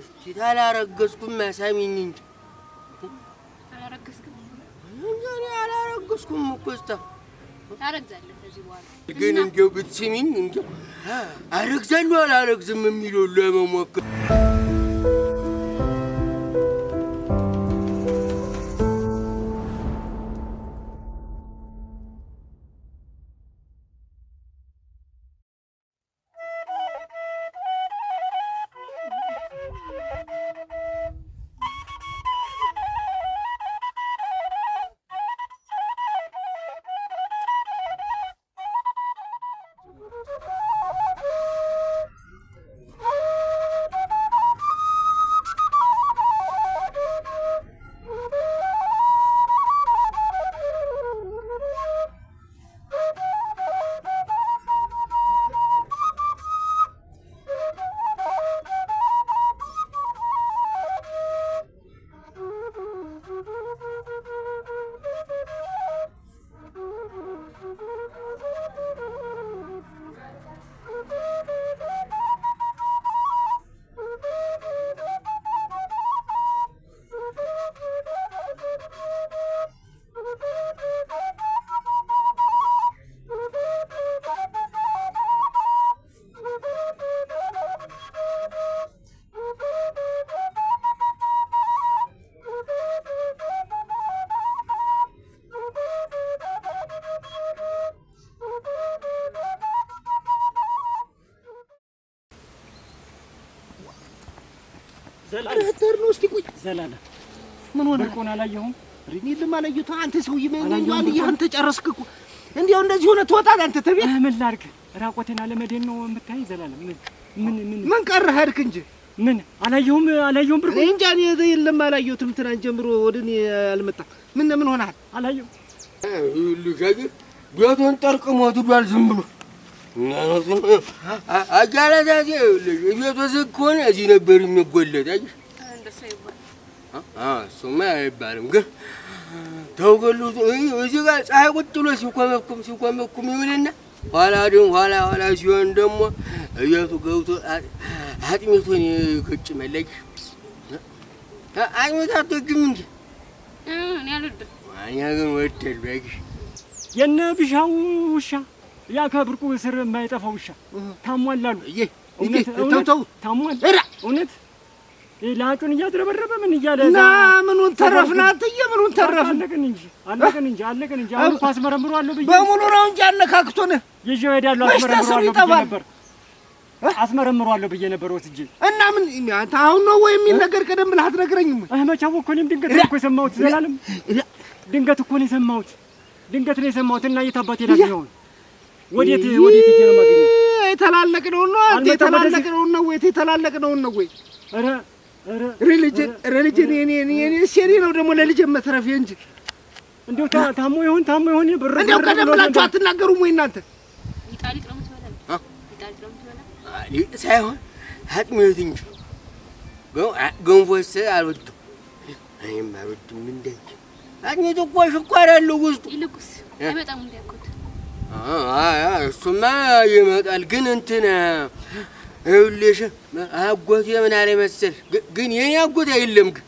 እስቲ ታላረገዝኩም ማሳሚኝ እንጂ አላረገዝኩም እኮ እስታ ታረግዛለህ። ግን እንደው ብትስሚኝ እንደው አረግዛለሁ አላረግዝም የሚለው ለመሞከር ዶክተር ነው። እስቲ ቆይ ዘላለም ምን ሆነ? ቆና አላየሁም። የለም አላየሁትም። አንተ ሰውዬ አንተ ጨረስክ እኮ እንዲያው እንደዚህ ሆነ ትወጣለህ አንተ ተቤት። ምን ላድርግ? ራቆቴን አለመዴን ነው የምታይ ዘላለም። ምን ምን ምን ምን ቀረህ? ሄድክ እንጂ ምን አላየሁም፣ አላየሁም። ብር እንጃ እኔ የለም አላየሁትም። ትናንት ጀምሮ ወደ እኔ አልመጣም። ምን ምን ሆነሃል? አላየሁም። ቤቱን ጠርቅሞ ትዷል ዝም ብሎ አጃላታት ቤቱ ዝግ ከሆነ እዚህ ነበር የሚጎለጥ። እሱማ አይባልም፣ ግን ተውገሉ እዚህ ጋር ፀሐይ ቁጭ ብሎ ሲኮመኩም ሲኮመኩም ይውልና ኋላ ኋላ ኋላ ሲሆን ደግሞ እየቱ ገብቶ አጥሜቶን ገጭ መለጅ አጥሜት አትወጂም እንጂ እኔ ግን ወደል ያየሽ የነ ብሻው ውሻ ያ ከብርቁ ስር የማይጠፋው ውሻ ታሟል ታሟል እውነት ለአጩን እያዝረበረበ ምን እያለ እና ምኑን ተረፍና እትዬ ምኑን ተረፍ። አለቀን እንጂ አለቀን እንጂ እንጂ አሁን በሙሉ ነው እንጂ አነካክቶን እሄዳለሁ። ነበር ወስጄ እና ምን አንተ አሁን ነው ወይ የሚል ነገር ቀደም ብለህ አትነግረኝም እኮ እኔም ድንገት እኮ የሰማሁት። ዘላለም ድንገት እኮ ነው የሰማሁት። ድንገት ነው የሰማሁት እና የት አባቴ ወዴት ወዴት ነው ነው አንተ የተላለቅነውን ነው ወይ የተላለቅነውን ነው ወይ? ሪሊጅን ሪሊጅን የኔ የኔ ሴሪ ነው ደግሞ እንጂ ታሞ ይሁን ታሞ ይሁን ብር እንደው ቀደም ብላችሁ አትናገሩም ወይ እናንተ? ነው ሳይሆን አጥሚት እንጂ አልወድም። እኔም አልወድም። እንደ እኮ ያለው ውስጡ ይልቁስ አይመጣም እንዳልኩት እሱማ ይመጣል ግን እንትን ይኸውልሽ አጎቴ ምን አለ መሰል ግን የኔ አጎት አይለም ግን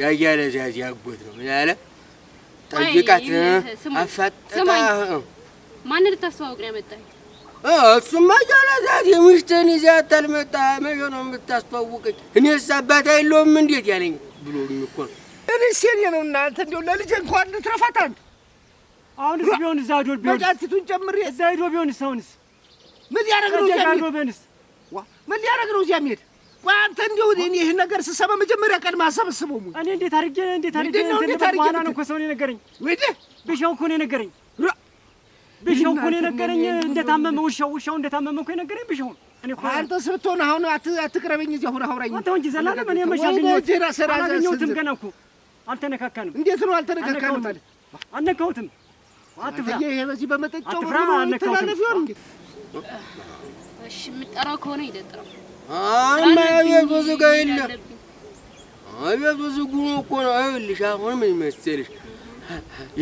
ያያለ ዛዚ አጎት ነው። ምን አለ ጠይቃት አፋጥጣ ማን ልታስተዋውቅ ነው ያመጣኝ? እሱማ እያለ ዛዚ ምሽትን ይዘህ አታልመጣ መቼ ነው የምታስተዋውቀኝ? እኔስ አባት አይለውም እንዴት ያለኝ ብሎ እኮ ነው። እኔስ የኔ ነው እናንተ እንደው ለልጄ እንኳን ልትረፋት አሁንስ ቢሆን እዛ ዶ ቢሆን ፊቱን ጨምሬ እዛ ሄዶ ቢሆን አሁንስ ምን ሊያደርግ ነው? እዚያ ሄዶ ቢሆንስ ምን ሊያደርግ ነው? እዚያ የሚሄድ ቆይ አንተ እንዲሁ እኔ ይህን ነገር ስሰማ መጀመሪያ ቀድማ አሰበስበው ሙኝ እኔ እንዴት አድርጌ እንዴት አድርጌ እንዴት አድርጌ ነው እኮ ሰው ነው የነገረኝ። ወይዴ ብሻው እኮ ነው የነገረኝ። ብሻው እኮ ነው የነገረኝ እንደታመመ ውሻው ውሻው እንደታመመ እኮ የነገረኝ ብሻው ነው። አንተ ስብትሆን አሁን አትቅረበኝ። እዚህ አሁን አውራኝ አንተ ወንጂ ዘላለም እኔ መሻገኘትም ገና እኮ አልተነካካንም። እንዴት ነው አልተነካካንም ማለት አልነካሁትም ይሄ በዚህ በመጠጫው ተላለፍ ይሆን እሺ፣ የምጠራው ከሆነ ይደጥረው። አቤት ብዙ ጋር የለ። አቤት ብዙ ጉሞ እኮ ነው። ይኸውልሽ አሁን ምን መሰለሽ፣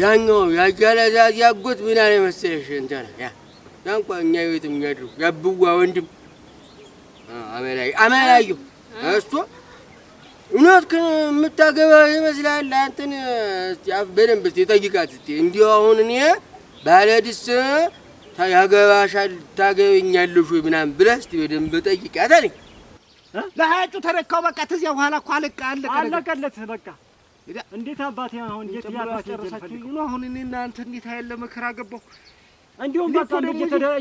ያኛው ያጃለዛዝ ያጎት ምን አለ መሰለሽ እንትን ያ ያንኳ እኛ ቤት የሚያድሩ ያብዋ ወንድም አመላዩ አመላዩ እሱ እውነት የምታገባ ይመስላል። አንተን በደንብ ስ ጠይቃት ስ እንዲሁ አሁን እኔ ባለድስ ያገባሻል ታገበኛለሽ ወይ ምናምን ብለህ እስኪ በደንብ ጠይቃት አለኝ። ለሀያጩ ተረካው በቃ ተዚያ በኋላ እኮ አለቀ አለቀ አለቀለት በቃ እንዴት አባቴ አሁን እንዴት ያጨረሳችሁ ነው? አሁን እኔ እናንተ እንዴት ያለ መከራ ገባሁ። እንዲሁም በቃ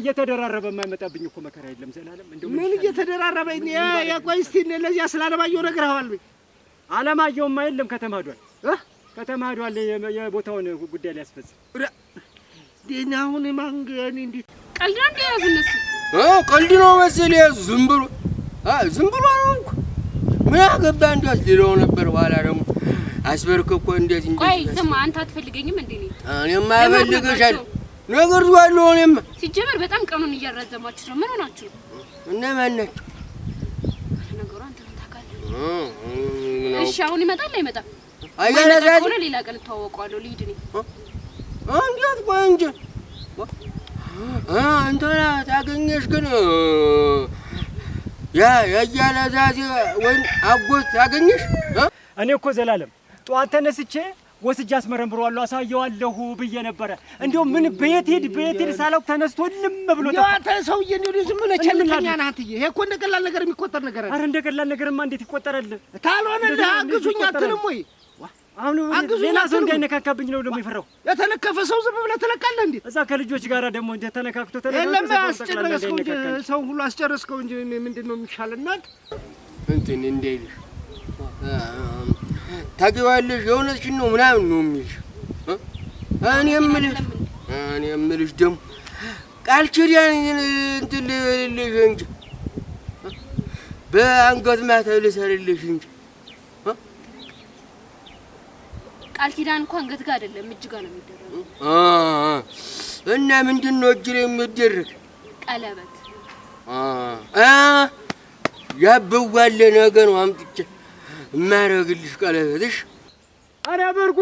እየተደራረበ የማይመጣብኝ እኮ መከራ የለም ዘላለም። ምን እየተደራረበ ያ ቆይ እስቲ ለዚያ ስላለባየው ነግረኸዋል ወይ? አለማየሁማ የለም ከተማዷል ከተማዷል የቦታውን ጉዳይ ሊያስፈጽም። ደህና አሁን ማንገኒ እንዴት ቀልድ ነው እንደያዙ እነሱ ቀልድ ነው መሰል የያዙ ዝም ብሎ ዝም ብሎ ነው እንኳ ምን አገባ እንዲያዝ ሌላው ነበር። በኋላ ደግሞ እኮ እንዴት እንዴ ቆይ ዝም አንተ አትፈልገኝም እንዴ? እኔማ እፈልግሻለሁ ነገር ዋለሁ። ሆነም ሲጀመር በጣም ቀኑን እያራዘማችሁ ነው። ምን ሆናችሁ ነው? እነማን ናቸው ነገሩ? አንተ ታውቃለህ ነው። እሺ አሁን ይመጣል አይመጣም? ሆነ ሌላ ቀን እተዋወቀዋለሁ። ልሂድ እኔ እንዴት ቆይ እንጂ እንትና ታገኘሽ ግን ያ የእያለ ዛዜ ወይም አጎት ታገኘሽ። እኔ እኮ ዘላለም ጠዋት ተነስቼ ወስጄ አስመረምረዋለሁ አሳየዋለሁ ብዬ ነበረ። እንዲሁም ምን በየት ሄድ በየት ሄድ ሳላውቅ ተነስቶ ልም ብሎ ተፋ ሰውዬ እንዲሁ ዝም ብለህ ቸልተኛ ናት። ይሄ እኮ እንደ ቀላል ነገር የሚቆጠር ነገር አይደል? አረ እንደ ቀላል ነገርማ እንዴት ይቆጠራል? ካልሆነ አግዙኝ አትልም ወይ? አሁን ሌላ ሰው እንዳይነካካብኝ ነው ደግሞ የፈራው። የተለከፈ ሰው ዝም ብለህ ትለቃለህ እንዴ? እዛ ከልጆች ጋር ደግሞ እንደ ተነካክቶ ተለለም አስጨረስከው እንጂ ሰው ሁሉ አስጨረስከው እንጂ ምንድን ነው የሚሻልናት እንትን እንዴ ታገቢዋለሽ የእውነትሽን ነው ምናምን ነው የሚልሽ። እኔ የምልሽ እኔ የምልሽ ደግሞ ቃል ኪዳን እንትን ልልሽ እንጂ በአንገት ማተብ ልሰርልሽ እንጂ ቃል ኪዳን እንኳን አንገት ጋር አይደለም እጅ ጋር ነው የሚደረገው። እና ምንድን ነው እጅ ላይ የሚደረግ ቀለበት ያ በዋለ ነገ ነው አምጥቼ የማያደርግልሽ ቀለበትሽ ኧረ በርጎ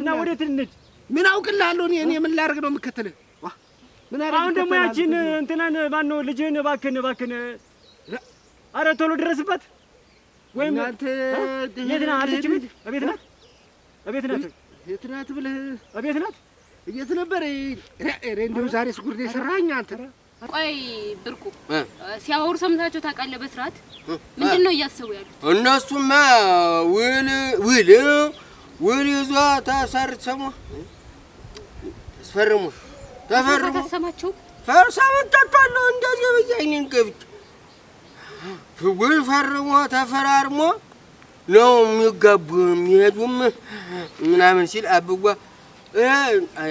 እና ወደ ትንድ ምን አውቅልሃለሁ እኔ ምን ላደርግ ነው የምከተልህ አሁን ደግሞ ያቺን እንትናን ማነው ልጅህን እባክህን እባክህን ኧረ ቶሎ ድረስበት ወይም የት ናት አለችም እንጂ እቤት ናት እቤት ናት የት ናት ብለህ እቤት ናት እቤት ነበር እንደው ዛሬስ ጉድ የሰራኸኝ አንተ ቆይ ብርቁ ሲያወሩ ሰምታቸው ታውቃለህ? በስርዓት ምንድን ነው እያሰቡ ያሉት? እነሱማ ውል ውል ውል ተስፈርሙ ተፈርሙ ተሰማቸው እንደዚህ ብዬ ገብቼ ውል ፈርሞ ተፈራርሞ ነው የሚጋቡ የሚሄዱም ምናምን ሲል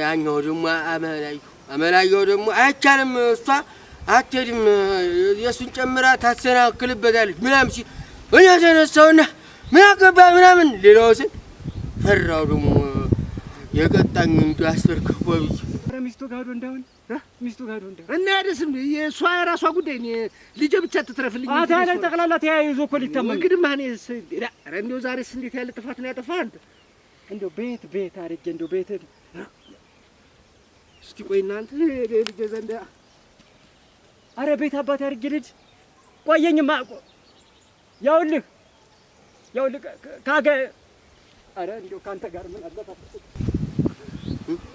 ያኛው ደግሞ አመላዩ አመላየው ደግሞ አይቻልም፣ እሷ አትሄድም፣ የእሱን ጨምራ ታሰናክልበታለች ምናምን ሲል እኔ ተነሳውና ምን አገባ ምናምን ሌላውስን ፈራው ደግሞ የቀጣኝ እንዲ አስፈርክፎ ብዬ ሚስቱ ጋዶ እንዳሁን ሚስቱ ጋዶ እንዳሁን እና ያደስም የእሷ የራሷ ጉዳይ ልጄ ብቻ ትትረፍልኝ። አታለ ጠቅላላ ተያይዞ እኮ ሊታመን እንግዲህ ማኔስ እንዲያው ዛሬስ እንዴት ያለ ጥፋት ነው ያጠፋህ አንተ እንደው ቤት ቤት አረጀ እንደው ቤት እስኪ ቆይ እናንተ ልጅ ዘንዳ አረ ቤት አባት ያርግ ልጅ ቆየኝማ እኮ ያውልህ ያውልህ ካገ አረ እንደው ካንተ ጋር ምን አለበት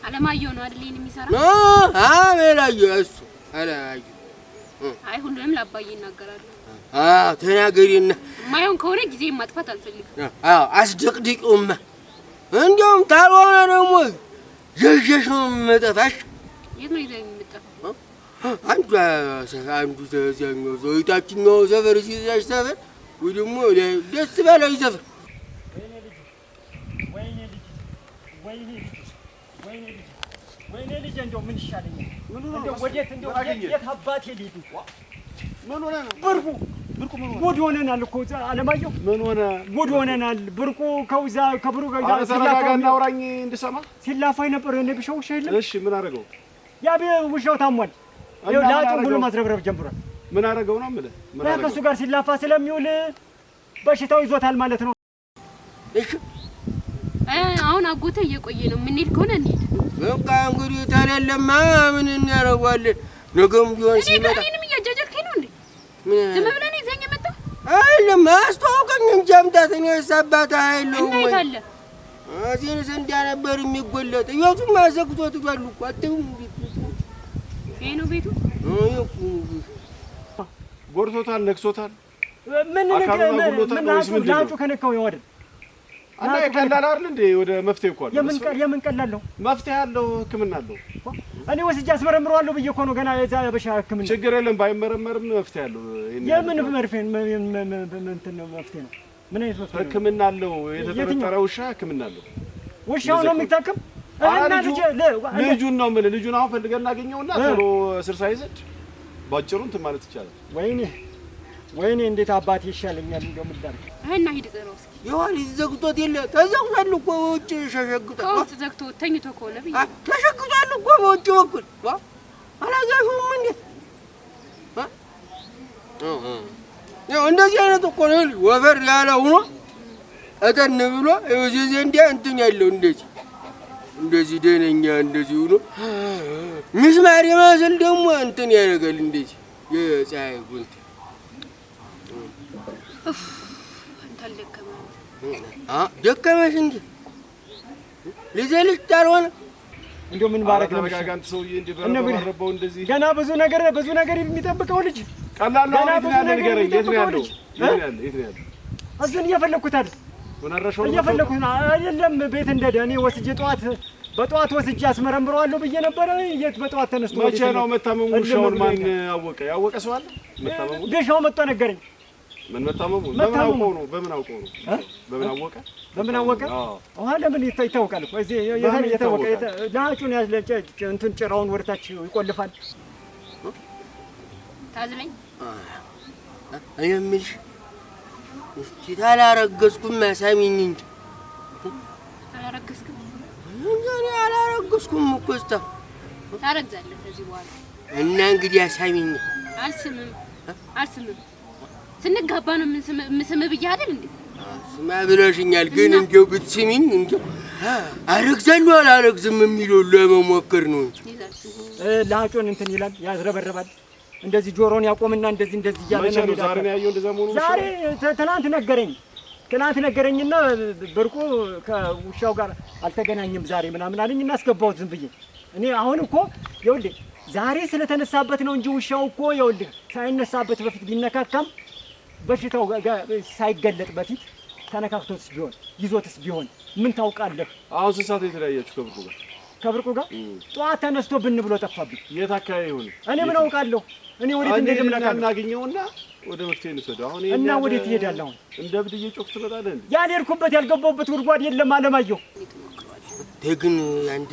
አለማየሁ ነው አይደል? የሚሰራ የሚሰራ አለማየሁ እሱ አለማየሁ። አይ ሁሉንም ለአባዬ ይናገራሉ። አዎ ተናገሪና፣ ማየውን ከሆነ ጊዜ ማጥፋት አልፈልግም። አዎ አስደቅድቂውማ፣ እንደውም ታልሆነ ደግሞ Yes, yes, mit der Wäsche. Yemeyeceğim bir de. Amca sen amca sen sen soytapçın o sefer siz yaş sefer. Uydun mu öyle? Desti ver o sefer. ወይኔ ልጅ እንደው ምን ይሻለኛል? እንደው ወዴት እንደው የት አባቴ ልሂድ? ምን ሆነ ነው ብርቡ ጉድ ሆነናል እኮ አለማየሁ፣ ምን ሆነ? ጉድ ሆነናል። ብርቁ ከውዛ ከብሩ ጋር ተረጋጋና አውራኝ እንድሰማ ሲላፋይ ነበር። እኔ ብሻው ውሻ የለም። እሺ፣ ምን አደረገው? ያ ውሻው ታሟል። ለአጥም ብሎ ማዝረብረብ ጀምሯል። ምን አደረገው ነው የምልህ። ከእሱ ጋር ሲላፋ ስለሚውል በሽታው ይዞታል ማለት ነው። እሺ፣ አሁን አጎተ እየቆየ ነው። የምንሄድ ከሆነ እንሂድ። በቃ እንግዲህ ታለለማ ምን እናደርገዋለን? ነገም ቢሆን ሲመጣ እኔንም እያጃጀልከኝ ነው እንዴ? ዝም ብለን አይልም አስተዋውቀኝ እንጂ አምጣት። እኔ ሳባት አይለውም እዚህንስ እንዲያ ነበር የሚጎለጥ የቱም አዘግቶት እያሉ እኮ አትይውም። ቤቱ። ጎድቶታል፣ ነክሶታል። ምን ምን ዳጩ ከነካው ይወደል እና የቀላል አይደል እንዴ? ወደ መፍትሄ እኮ አለ። የምን ቀል የምን ቀላል ነው? መፍትሄ አለው፣ ሕክምና አለው። እኔ ወስጄ አስመረምረዋለሁ ብዬ እኮ ነው ገና የዛ በሻ ህክምና። ችግር የለም ባይመረመርም መፍትሄ አለው። የምን መርፌን እንትን ነው መፍትሄ ነው? ምን አይነት መፍትሄ ህክምና አለው። የተጠረጠረ ውሻ ህክምና አለው። ውሻው ነው የሚታክም ልጁን ነው የምልህ። ልጁን አሁን ፈልገን እናገኘውና ቶሎ ስር ሳይዘድ ባጭሩ እንትን ማለት ይቻላል። ወይኔ ወይኔ እንዴት አባቴ ይሻለኛል። እንደው ምን አይና ሂድ ጥራው እስኪ። ይሁን ዘግቶት የለ ተዘግቷል እኮ በውጭ ሸሸግቷል። ውጭ ዘግቶ ተኝቶ ከሆነ ብዬ ተሸግቷል እኮ በውጭ በኩል አላዛሹም። እንዴት ያው እንደዚህ አይነት እኮ ነው ወፈር ያለ ሆኖ እጠን ብሎ እዚህ ዘንዲያ እንትን ያለው እንደዚህ እንደዚህ ደነኛ እንደዚህ ሆኖ ምስማር ይመስል ደግሞ እንትን ያደርጋል እንደዚህ የፀሐይ ጉንት ደከመሽ እንጂ ልጄ ልጅ ምን ነው ገና ብዙ ነገር ብዙ ነገር የሚጠብቀው ልጅ ቀላል ነው። ብዙ ነገር እሱን አይደል? አይደለም? ቤት እኔ ወስጄ ጠዋት በጠዋት ወስጄ አስመረምረዋለሁ ብዬ ነበረ። የት በጠዋት ተነስቶ መቼ ነው መታመሙ? ውሻውን ማን አወቀ? ያወቀ ሰው አለ መታመሙ? መጥቶ ነገረኝ። ምን መታመሙ? በምን አውቀው ነው? በምን አውቀው ነው? በምን አወቀ? በምን አወቀ? አዎ ለምን ይታወቃል እኮ እዚህ የታወቀ ላጩን ያዝ እንትን ጭራውን ወደታች ይቆልፋል። ታዝነኝ እኔ የምልሽ እስቲ አላረገዝኩም አሳሚኝ እንጂ አላረገዝኩም እኮ እስታ ታረግዛለህ ከዚህ በኋላ እና እንግዲህ አሳሚኝ። አልስምም አልስምም ስንጋባ ነው የምንስምህ ብዬ አይደል እንዴ? ስማ ብለሽኛል፣ ግን እንዲያው ብትስሚኝ እንዲያው አረግዛለሁ አላረግዝም የሚለው ለመሞከር ነው እንጂ ለአጮን እንትን ይላል ያዝረበረባል። እንደዚህ ጆሮን ያቆምና እንደዚህ እንደዚህ እያለ ነው። ዛሬ ያየው እንደዛ መሆኑን። ዛሬ ትናንት ነገረኝ ትናንት ነገረኝና ብርቁ ከውሻው ጋር አልተገናኝም ዛሬ ምናምን አለኝ እና አስገባሁት ዝም ብዬ እኔ አሁን እኮ ይኸውልህ ዛሬ ስለተነሳበት ነው እንጂ ውሻው እኮ ይኸውልህ ሳይነሳበት በፊት ቢነካካም በሽታው ሳይገለጥ በፊት ተነካክቶስ ቢሆን ይዞትስ ቢሆን ምን ታውቃለህ? አሁን ስንት ሰዓት የተለያያችሁ ከብርቁ ጋር ከብርቁ ጋር? ጠዋት ተነስቶ ብን ብሎ ጠፋብኝ። የት አካባቢ ይሁን እኔ ምን አውቃለሁ? እኔ ወዴት እንደምናካ እናገኘውና ወደ መፍትሄ እንውሰደው። አሁን እና ወዴት ትሄዳለህ? አሁን እንደ እብድ እየጮክ ትመጣለህ እንዴ? ያልሄድኩበት ያልገባሁበት ጉድጓድ የለም። አለማየሁ ደግን አንድ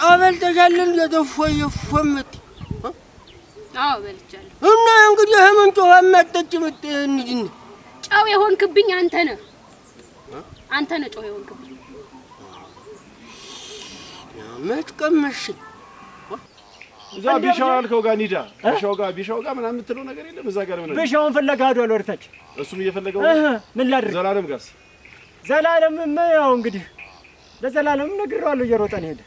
ጠበል ተሻለን የተፎየ ፎምት አዎ በልቻለሁ። እና እንግዲህ ህመም ጮኸ ማጠጭ ምት እንድን ጨው የሆንክብኝ አንተ ነህ፣ አንተ ነህ ጨው የሆንክብኝ። መች ቀመሽ እዛ ቢሻው ያልከው ጋር ኒዳ ቢሻው ጋር ቢሻው ጋር ምናምን የምትለው ነገር የለም። እዛ ጋር ምናምን ቢሻውን ፍለጋ ሄዷል ወደ እሱም እየፈለገው ምን ላድርግ። ዘላለም ጋርስ ዘላለምም ያው እንግዲህ ለዘላለምም ነግሬዋለሁ እየሮጠን ሄደ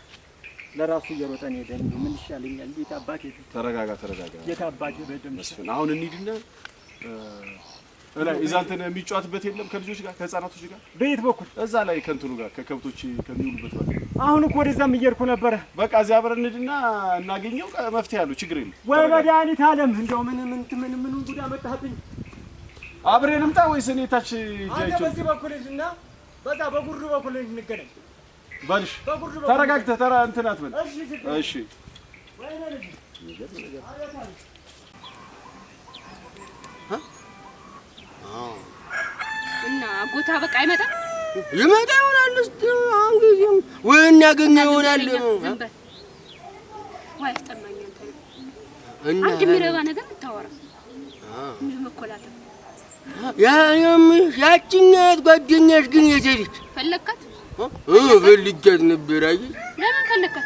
ለራሱ እየሮጠ ነው ሄደ። ምን ይሻለኛል? ጌታ አባቴ ተረጋጋ፣ ተረጋጋ። ጌታ አባቴ በደም ስለ አሁን እንሂድና እላይ እዛ እንትን የሚጫወትበት የለም ከልጆች ጋር ከህፃናቶች ጋር በየት በኩል እዛ ላይ ከእንትኑ ጋር ከከብቶች ከሚውሉበት ጋር። አሁን እኮ ወደዛም እየሄድኩ ነበረ። በቃ እዚያ አብረን እንሂድና እናገኘው፣ መፍትሄ አለው። ችግር የለም ወይ መድኃኒት አለም እንደው ምን ምን ምን ምን ጉዳ መጣህብኝ። አብሬን እምጣ ወይስ እኔ ታች አንተ በዚህ በኩል እና በዛ በጉሩ በኩል እንገናኝ በልሽ ተረጋግተህ ተራ እንትን አትበል። እሺ እና ጎታ በቃ አይመጣም። ይመጣ ይሆናል እስኪ አሁን ጊዜም ወይ ይሆናል። አንድ የሚረባ ነገር የምታወራ ምን መኮላተፍ ጓደኛሽ ግን የዘሪት ፈለግካት ፈልጊያት ነበር። አየህ፣ ለምን ፈለካት?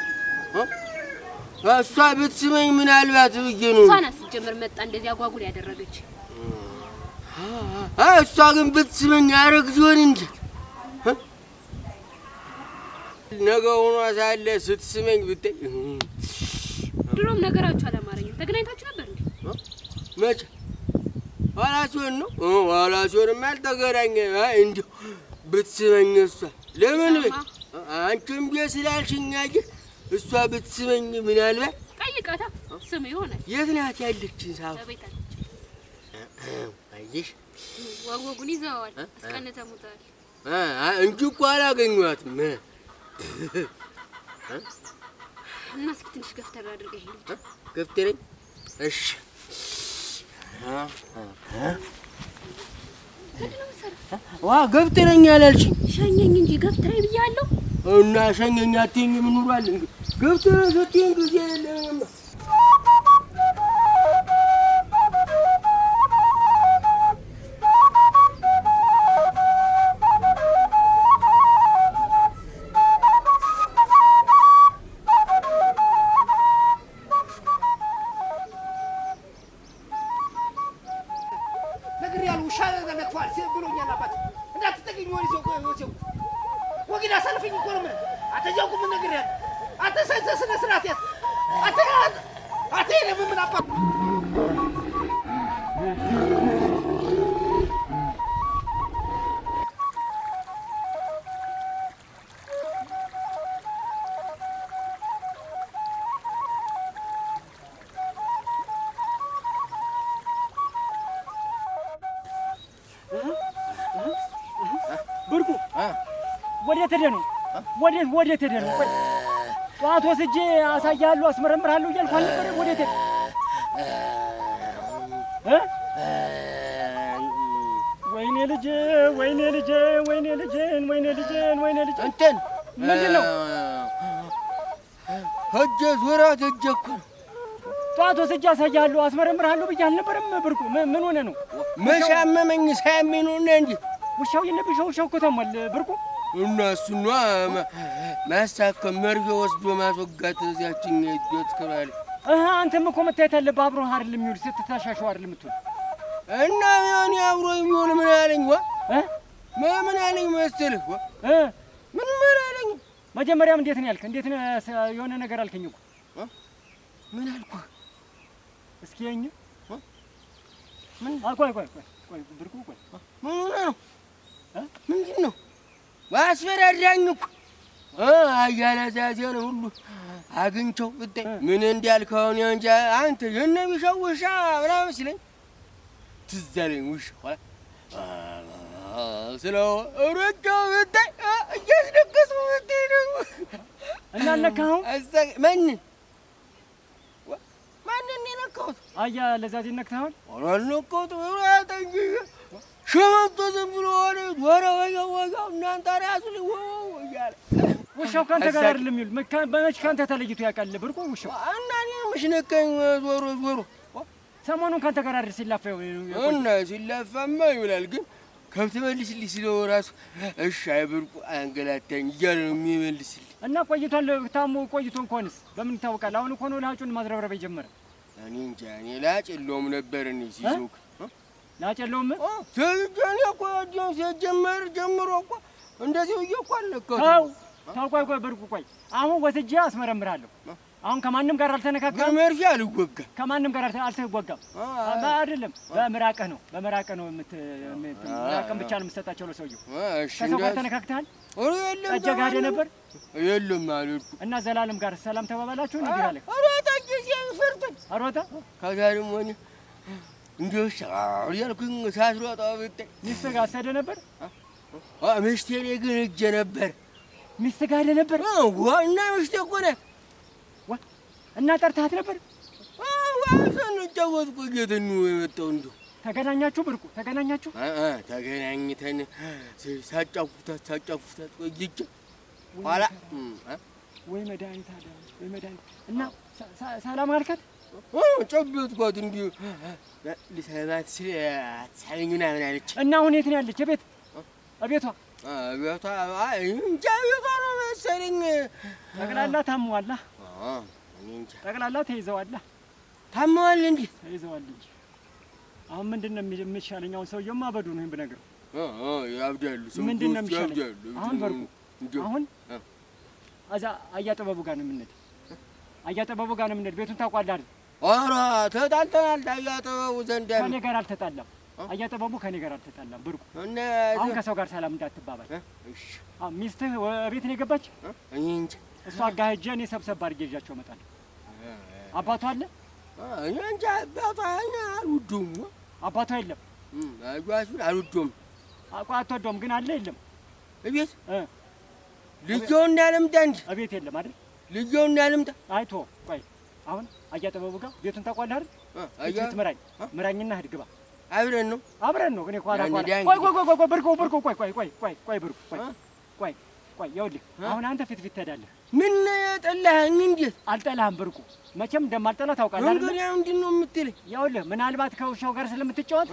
እሷ ብትስመኝ ምናልባት ብዬ ነው። እሷ ናት ስትጀምር መጣ እንደዚህ አጓጉል ያደረገች። እሷ ግን ብትስመኝ አረግዝ ይሆን ነገ ሆኗ ሳለ ስትስመኝ ብታይ። ድሮም ነገራችሁ አላማረኝም። ተገናኝታችሁ ነበር እንዴ? መቼ? ኋላ ሲሆን ነው። ኋላ ሲሆንማ አልተገናኘንም። እንዲሁ ብትስመኝ እሷ ለምን አንቺም ቤት ስላልሽኝ አየህ፣ እሷ ብትስመኝ ምናልባት ጠይቀታ ስም ይሆናል። የት ናት ያለችን? ሳብ አየሽ፣ ወጉን ይዘዋል። እስቀነተ ሙታል እንጂ እኮ አላገኘኋትም። እና እስኪ ትንሽ ገፍተር ገፍተረኝ። እሺ ዋ ገብትረኝ አላልሽኝ? ሸኘኝ እንጂ ገብትረኝ ብያለሁ። እና ሸኘኝ አትይኝም? ኑሯል እንግዲህ ገብትረኝ ስትይኝ ጊዜ የለኝም ይላል። ውሻ ነክፏል ብሎኛል አባት። እንዳትጠቅኝ ወሬ ሰው ሰው ወግድ አሳልፈኝ እኮ ነው አንተ እዚያው ቁም ነገር ያለ አንተ ስነ ስርዓት ያዝ አንተ አንተ የለም ምን አባት ወዴት ወዴት ሄደ ነው? ጠዋት ወስጄ አሳያለሁ አስመረምራለሁ እያልኩ አልነበረም? ወዴት ሄደህ ወይኔ ልጄ ወይኔ ልጄ ወይኔ ልጄን ወይኔ ልጄን ወይኔ ልጄ እንትን ምንድን ነው ሂጅ ዙራት ሂጅ እኮ ጠዋት ወስጄ አሳያለሁ አስመረምራለሁ ብዬ አልነበረም? ብርቁ ምን ሆነ ነው? መሻመመኝ ሳያሚኑ ነ እንጂ ውሻው የለብሽ ውሻው እኮ ተሟል ብርቁ እና እሱኗ ማሳከም መርፌ ወስዶ ማስወጋት እዚያችን ዶት ክባል አንተም እኮ መታየት አለብህ። አብሮህ አይደለም የሚውል ስትታሻሸው አይደለም የምትውል እና ያን አብሮ የሚሆን ምን አለኝ ወ እ ምን አለኝ መሰልህ ወ ምን ምን አለኝ። መጀመሪያም እንዴት ነው ያልከ? እንዴት ነው የሆነ ነገር አልከኝ እኮ ምን አልኩ? እስኪ የኝ ምን አልኩህ? ቆይ ቆይ ቆይ ቆይ ብርቁ ቆይ ምን ነው ምንድን ነው አስፈራራኝ እኮ አያለዛዜን ሁሉ አግኝቼው ብታይ ምን እንዳልከውን እንጂ አንተ የነ ቢሻው ውሻ ምናምን ሲለኝ ትዝ አለኝ። ውሻ ኋላ ስለው ሩጫው ብታይ እያስደገሱ ብታይ ደግሞ እናነካሁ ማንን ማንን የነካሁት አያ ለዛዜ ነክተሃል? አልነካሁትም። ሸመቶ ዝም ሲሉት ወረ ወየው እናንተ ራሱ ውሻው ካንተ ጋር አይደለም ይሉ በመች ካንተ ተለይቶ ያውቃል ብርቁ ውሻው እና እኔ ዞሮ ዞሮ ሰሞኑን ካንተ ጋር አይደል ሲላፋ እና ሲላፋማ ይውላል ግን ከብት መልስልኝ ሲለው ራሱ እሺ አይብርቁ አንገላታኝ እያለ ነው የሚመልስልኝ። እና ቆይቷል ታሞ ቆይቶ እንኳንስ በምን ይታወቃል? አሁን እኮ ነው ለሀጩን ማዝረብረብ የጀመረ። እኔ እንጃ እኔ ላጭ የለውም ነበር እኔ ሲዞክ ናጨለውም እኔ እኮ ሲጀመር ጀምሮ እኮ እንደዚህ ብዬሽ እኮ አልለካሁትም። ተው ቆይ ቆይ በድቁ ቆይ፣ አሁን ወስጄ አስመረምራለሁ። አሁን ከማንም ጋር አልተነካካም፣ መርፌ አልወጋም፣ ከማንም ጋር አልተወጋም። አይደለም በምራቅህ ነው በምራቅህ ነው ምራቅህን ብቻ ነው የምትሰጣቸው ለሰውየው። ከሰው ጋር ተነካክተሃል? ጠጀ ጋር ነበር? የለም አልሄድኩም። እና ዘላለም ጋር ሰላም ተባባላችሁ? ነግሬሃለሁ። ሮጠ ጊዜ ፍርጥጥ ሮጠ ከዛ ደግሞ ጋር አሳደ ነበር። ሚስቴ እኔ ግን ነበር። ጋር አለ ነበር እና ሚስቴ እኮ ነህ እና ነበር። የመጣው ተገናኛችሁ፣ ብርቁ ተገናኛችሁ። ተገናኝተን ሳጫፉታት ሳጫፉታት ቆይቼ ኋላ ወይ መድኃኒት ወይ መድኃኒት እና ሰላም አልከት ጨብት ጓት እንዲሁ ሊሰማት ሲል አትሳለኝ ምናምን አለች እና አሁን የት ነው ያለች? ቤት ቤቷ ቤቷ እንጃ ቤቷ ነው መሰለኝ። ጠቅላላ ታመዋላ፣ ጠቅላላ ተይዘዋላ። ታመዋል እንጂ ተይዘዋል እንጂ። አሁን ምንድን ነው የሚሻለኝ? አሁን ሰውዬውማ በዱ ነው ብነግረው ያብዳሉ። ምንድን ነው የሚሻለኝ አሁን? በርጉ አሁን እዛ አያ ጋር ነው የምንሄድ፣ አያ ጋር ነው የምንሄድ። ቤቱን ታውቋል አይደል? ኧረ ተጣልተናል። አያጠበቡ ዘንድ ከእኔ ጋር አልተጣላም። አያጠበቡ ከእኔ ጋር አልተጣላም። ብርቁ አሁን ከሰው ጋር ሰላም እንዳትባባል። ሚስትህ ቤት ነው የገባች። እሷ ጋር ሂጅ፣ እኔ ሰብሰብ አድርጌ ይዣቸው እመጣለሁ። አባቷ አለ እንጂ አባቷ አልወደውም። አባቷ የለም። ጓሱን አልወደውም። አትወደውም ግን አለ የለም እቤት ልጄውን እንዳልምጣ እንጂ እቤት የለም አይደል? ልጄውን እንዳልምጣ አይቶ ቆይ አሁን አያ ጋር ቤቱን ታውቀዋለህ አይደል? አያ ምራኝና ሂድ ግባ። አብረን ነው አብረን ነው። ግን ኳላ ኳላ ቆይ ቆይ ቆይ ቆይ ብርቁ ብርቁ ቆይ ቆይ ቆይ ቆይ ቆይ ብርቁ ቆይ ቆይ ቆይ ይኸውልህ፣ አሁን አንተ ፊት ፊት ትሄዳለህ። ምን ጠላኸኝ? እንዴት አልጠላህም? ብርቁ መቼም እንደማልጠላ ታውቃለህ አይደል? እንግዲህ ምንድን ነው የምትለኝ? ይኸውልህ፣ ምናልባት ከውሻው ጋር ስለምትጫወት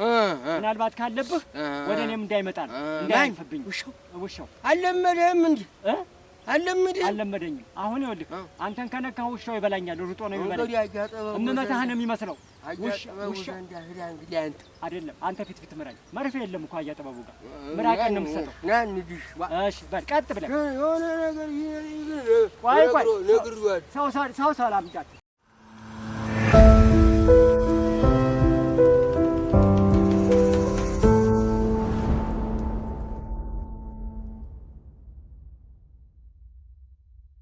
ምናልባት ካለብህ ወደ እኔም እንዳይመጣ ነው እንዳይፈብኝ። ውሻው ውሻው አልለመደህም እንዴ? አለመደኝ አለመደኝም። አሁን ይኸውልህ አንተን ከነካህ ውሻው ይበላኛል። ሩጦ ነው ይበላኝ። እምመታህ ነው የሚመስለው። አይደለም አንተ ፊት ፊት ምራኝ። መርፌ የለም እኮ አያ ጋር ምራቀን ነው የምትሰጠው። ቀጥ ብለህ ሰው ሰላም